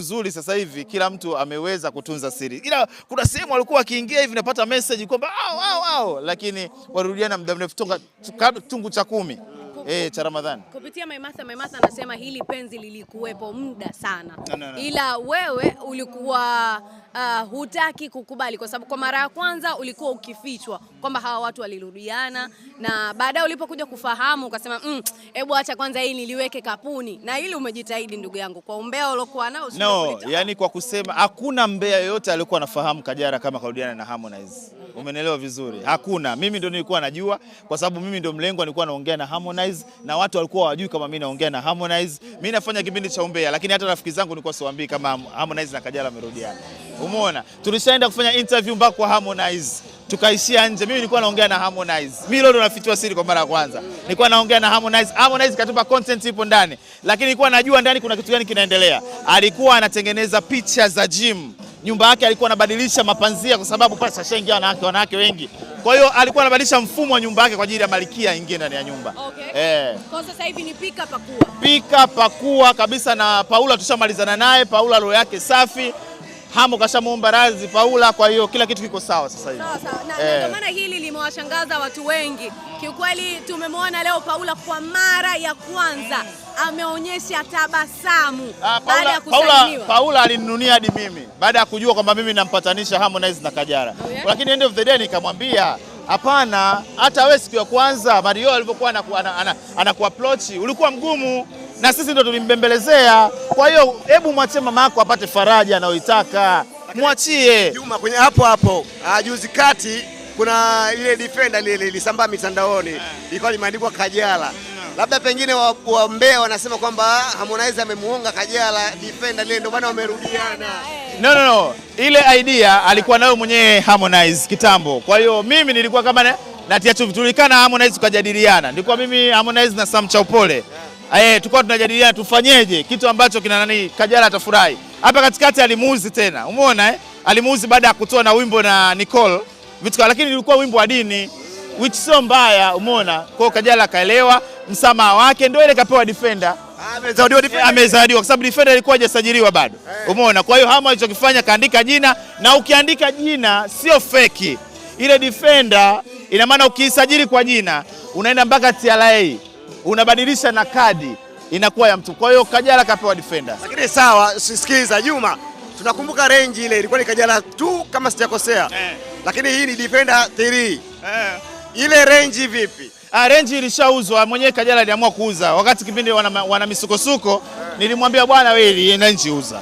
Nzuri sasa hivi kila mtu ameweza kutunza siri, ila kuna sehemu walikuwa akiingia hivi napata message kwamba au au au, lakini warudiana muda mrefu toka tungu cha kumi hey, eh, cha Ramadhani. Kupitia Maimartha, Maimartha anasema hili penzi lilikuwepo muda sana no, no, no. Ila wewe ulikuwa uh, hutaki kukubali kwa sababu kwa mara ya kwanza ulikuwa ukifichwa kwamba hawa watu walirudiana, na baadaye ulipokuja kufahamu ukasema hebu mm, acha kwanza hii niliweke kapuni. Na hili umejitahidi ndugu yangu kwa umbea uliokuwa nao no, yani kwa kusema hakuna mbea yoyote aliokuwa anafahamu Kajala kama karudiana na Harmonize. Umenelewa vizuri? Hakuna, mimi ndio nilikuwa najua kwa sababu mimi ndio mlengwa, nilikuwa naongea na Harmonize Harmonize na watu walikuwa wajui kama mimi naongea na Harmonize. Mimi nafanya kipindi cha umbea, lakini hata rafiki zangu nilikuwa siwaambii kama Harmonize na Kajala wamerudiana. Umeona, tulishaenda kufanya interview mpaka kwa Harmonize tukaishia nje. Mimi nilikuwa naongea na Harmonize, mimi leo ndo nafichua siri kwa mara ya kwanza. Nilikuwa naongea na Harmonize, Harmonize katupa content ipo ndani, lakini nilikuwa najua ndani kuna kitu gani kinaendelea. Alikuwa anatengeneza picha za gym, nyumba yake alikuwa anabadilisha mapanzia, kwa sababu pale sashaingia wanawake, wanawake wengi kwa hiyo alikuwa anabadilisha mfumo wa nyumba yake kwa ajili ya malkia ingie ndani ya nyumba. Okay. Eh. Kwa sasa hivi ni pika pakua. Pika pakua kabisa na Paula tushamalizana naye, Paula roho yake safi. Hamo kashamuomba radhi Paula, kwa hiyo kila kitu kiko sawa sasa hivi. Sawa sawa. Na eh. ndio eh, hili limewashangaza watu wengi kiukweli. Tumemwona leo Paula kwa mara ya kwanza ameonyesha tabasamu ah, baada ya kusainiwa. Paula alinunia hadi mimi baada ya kujua kwamba mimi nampatanisha Harmonize na oh, yeah. lakini end of the day nikamwambia Hapana, hata wewe siku ya kwanza Mario alivyokuwa anaku, anakuapproach ulikuwa mgumu na sisi ndo tulimbembelezea. Kwa hiyo hebu mwachie mama yako apate faraja anayoitaka, mwachie Juma kwenye hapo hapo. Ah, juzi kati kuna ile defender ile ilisambaa mitandaoni, eh. ilikuwa limeandikwa Kajala labda pengine wambea wa wanasema kwamba Harmonize amemuonga Kajala defender lile, ndio maana wamerudiana. No, no, no, ile idea alikuwa nayo mwenyewe Harmonize kitambo. Kwa hiyo mimi nilikuwa kama na, natia chumvi, tulikana Harmonize tukajadiliana, nilikuwa mimi Harmonize na Sam Chaupole eh, tulikuwa tunajadiliana tufanyeje kitu ambacho kina nani Kajala atafurahi. Hapa katikati alimuuzi tena, umeona eh? Alimuuzi baada ya kutoa na wimbo na Nicole vitu, lakini ilikuwa wimbo wa dini which sio mbaya, umeona. Kwa hiyo Kajala akaelewa msamaha wake, ndio ile kapewa defender amezawadiwa kwa sababu defender alikuwa hajasajiliwa bado, eh. umeona. Kwa hiyo hama alichokifanya kaandika jina, na ukiandika jina sio feki ile defender. Ina maana ukiisajili kwa jina unaenda mpaka TRA unabadilisha na kadi inakuwa ya mtu. Kwa hiyo Kajala kapewa defender, lakini sawa. Sikiliza Juma, tunakumbuka range ile ilikuwa ni Kajala tu kama sijakosea eh. Lakini hii ni defender 3 eh. Ile renji vipi? Ah, renji ilishauzwa, mwenyewe Kajala aliamua kuuza wakati kipindi wana, wana misukosuko, nilimwambia bwana, wewe ile range uza